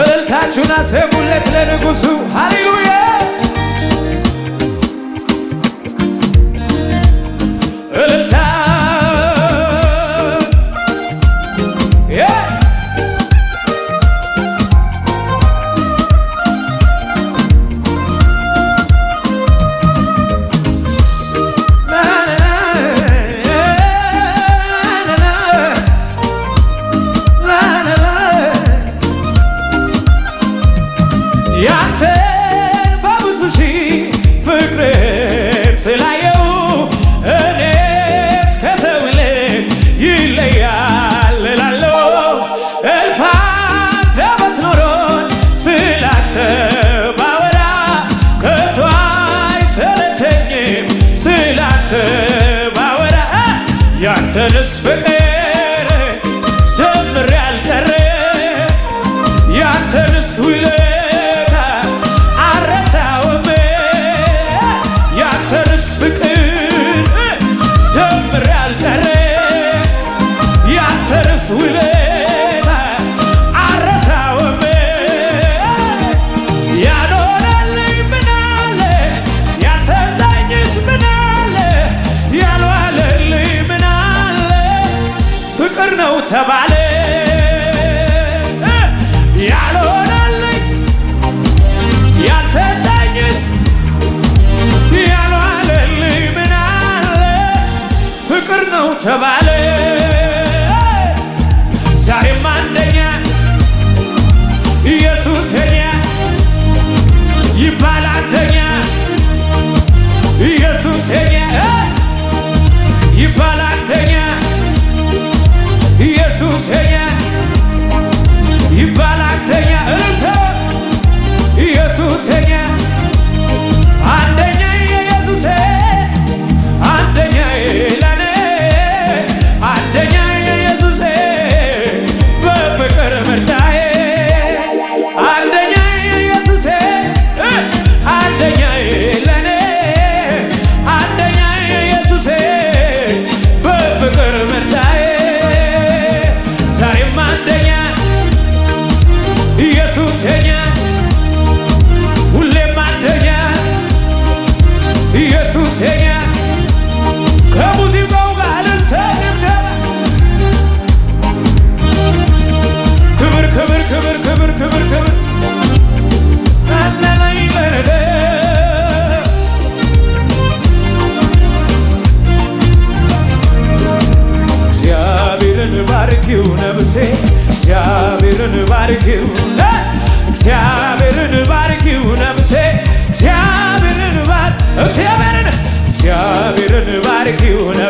እልልታችሁን አሰሙለት ለንጉሡ ሃሌሉያ እልልታ ደስ ውበት አረሳውም ያኖረልኝ ምናለ ያልሰጠኝስ ምናለ ያልዋለልኝ ምናለ ፍቅር ነው ተባለ ያልሆነልኝ ያልሰጠኝስ ያልዋለልኝ ምናለ ፍቅር ነው ተባለ እግዚአብሔርን እግዚአብሔርን ባርኪውን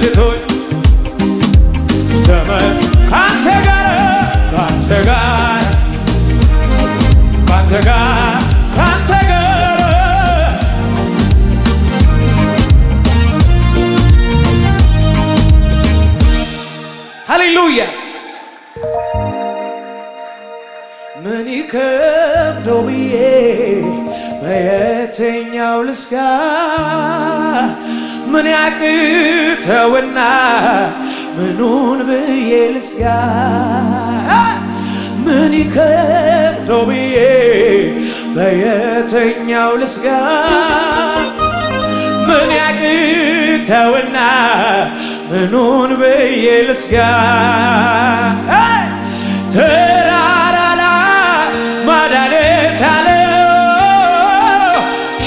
ዝግጅቶች ዘመን ካንተ ጋር ካንተ ጋር ካንተ ጋር ካንተ ጋር ሃሌሉያ ምን ይከብደው ብዬ በየትኛው ልስጋ ምን ያቅ ሰውና ምኑን ብዬ ልስያ ምን ይከብደው ብዬ በየተኛው ልስጋ ምን ያቅተውና ምኑን ብዬ ልስጋ ተራራ ላይ ማዳን የቻለው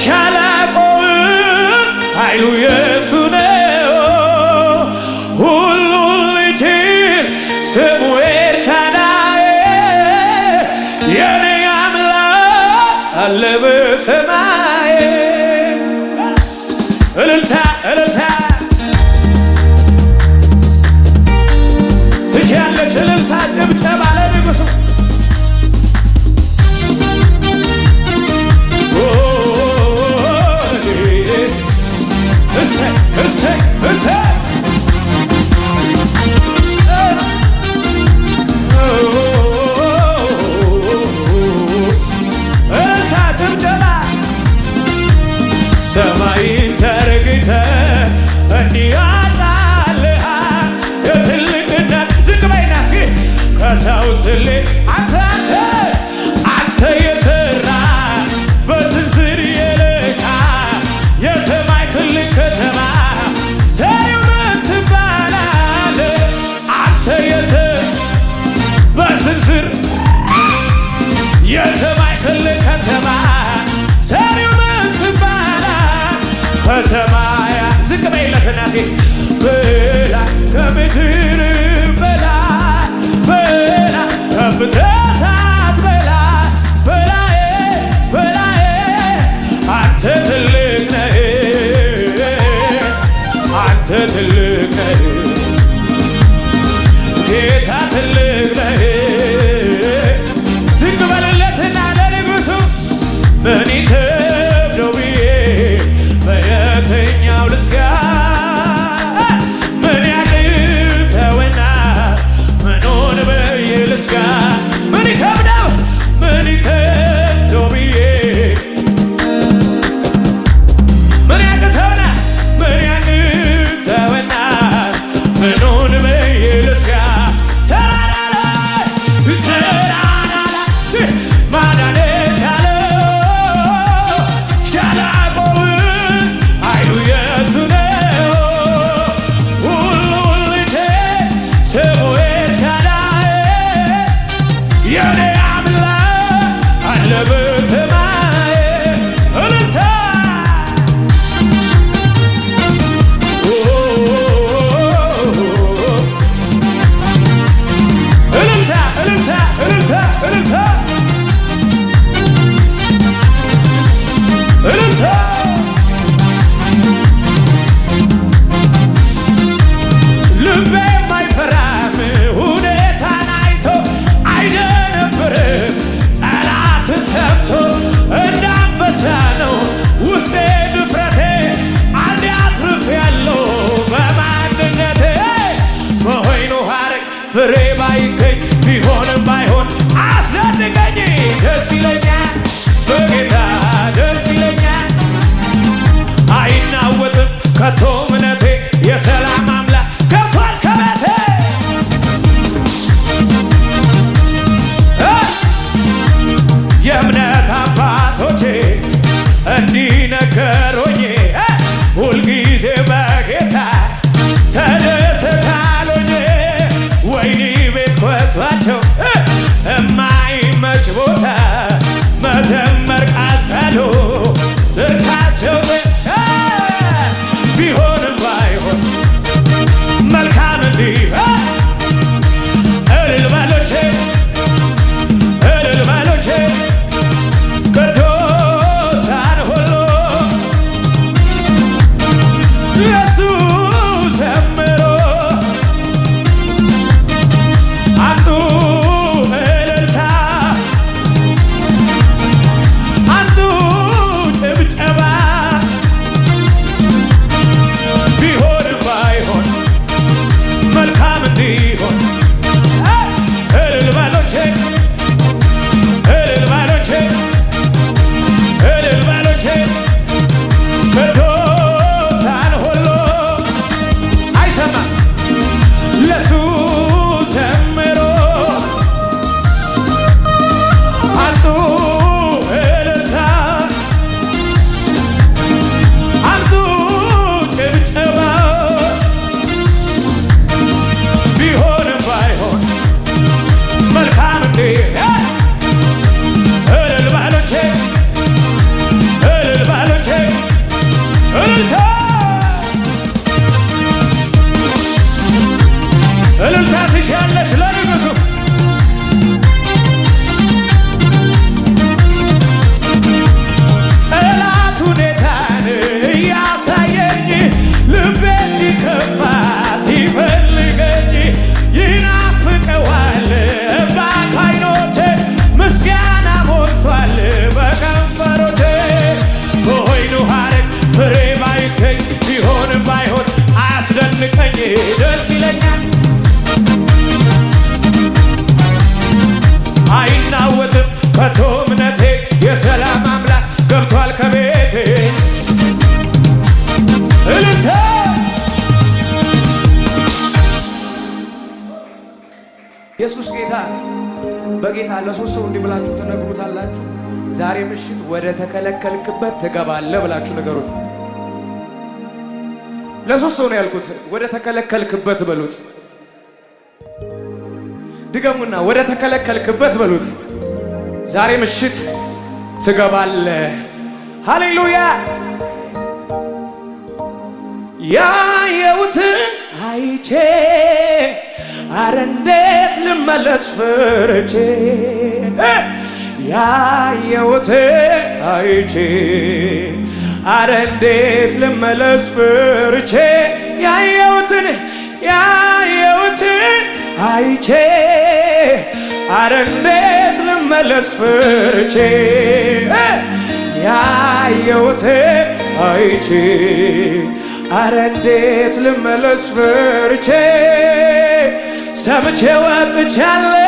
ሻለቆውን ኃይሉ And it's Sen ኢየሱስ ጌታ በጌታ ለሶስት ሰው እንዲህ ብላችሁ ትነግሩታላችሁ። ዛሬ ምሽት ወደ ተከለከልክበት ትገባለ ብላችሁ ንገሩት። ለሶስት ሰው ነው ያልኩት። ወደ ተከለከልክበት በሉት። ድገሙና ወደ ተከለከልክበት በሉት። ዛሬ ምሽት ትገባለ ሃሌሉያ ያየውትን አይቼ አረ እንዴት ልመለስ ፈርቼ ያየውቴ አይቼ አረ እንዴት ልመለስ ፈርቼ ያየውትን ያየውትን አይቼ አረ እንዴት ልመለስ ፈርቼ ያየውቴ አይቼ አረ እንዴት ልመለስ ፈርቼ ሰምቼ ወጥቻለሁ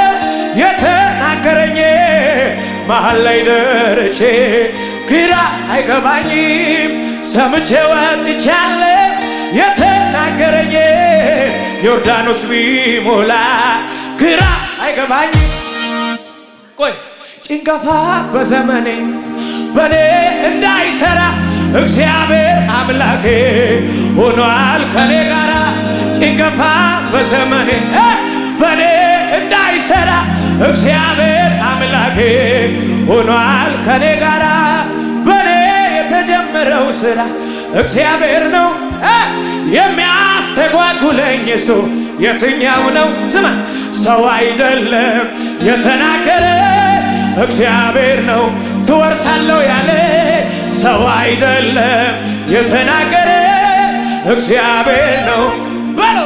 የተናገረኝ መሀል ላይ ደርቼ ግራ አይገባኝም። ሰምቼ ወጥቻለሁ የተናገረኝ ዮርዳኖስ ቢሞላ ግራ አይገባኝም። ቆይ ጭንገፋ በዘመኔ በኔ እንዳይሰራ እግዚአብሔር አምላኬ ሆኗል ከኔ ጋራ ጭንገፋ በዘመኔ በኔ እንዳይሰራ እግዚአብሔር አምላኬ ሆኗል ከኔ ጋራ በኔ የተጀመረው ስራ እግዚአብሔር ነው የሚያስተጓጉለኝ እሱ የትኛው ነው? ስማ ሰው አይደለም የተናገረ እግዚአብሔር ነው ትወርሳለሁ ያለ ሰው አይደለም የተናገረ እግዚአብሔር ነው በሎ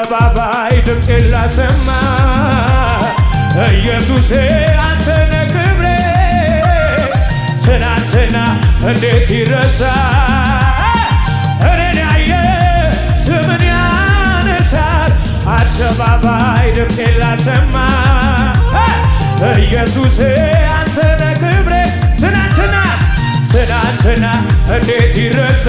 አደባባይ ድምጤን ላሰማ ኢየሱሴ አንተነ ክብሬ ትናንትና እንዴት ይረሳ እኔን ያየ ስምን ያነሳል አደባባይ ድምጤን ላሰማ ኢየሱሴ አንተነ ክብሬ ትናንትና ትናንትና እንዴት ይረሳ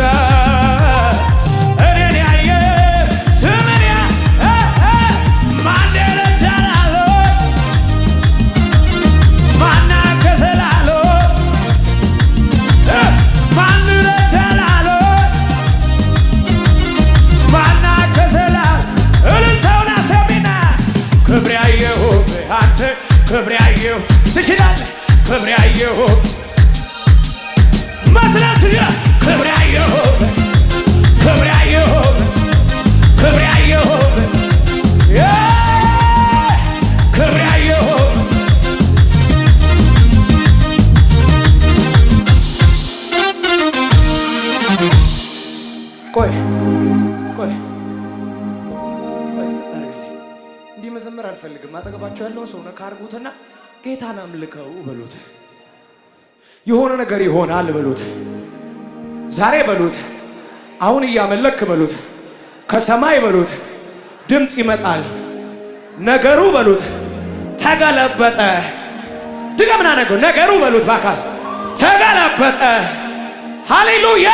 መጨመር አልፈልግም። አጠገባቸው ያለውን ሰው ነካ አድርጉትና ጌታን አምልከው በሉት። የሆነ ነገር ይሆናል በሉት። ዛሬ በሉት። አሁን እያመለክ በሉት። ከሰማይ በሉት ድምፅ ይመጣል። ነገሩ በሉት ተገለበጠ። ድገምና ነገሩ ነገሩ በሉት ባካል ተገለበጠ። ሃሌሉያ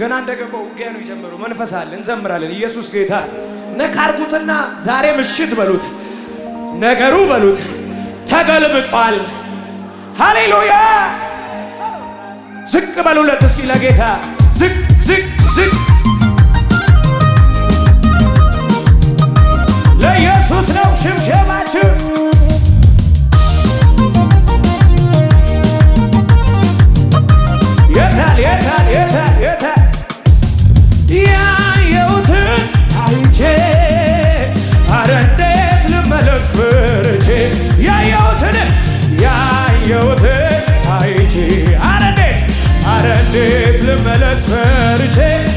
ገና እንደገባው ውጊያ ነው የጀመረው። መንፈስ አለ፣ እንዘምራለን። ኢየሱስ ጌታ ነካርጉትና ዛሬ ምሽት በሉት፣ ነገሩ በሉት ተገልብጧል። ሃሌሉያ! ዝቅ በሉለት እስኪ ለጌታ ዝቅ ዝቅ ዝቅ ለኢየሱስ ነው ሽምሸማችሁ የታል የታል የታል fairy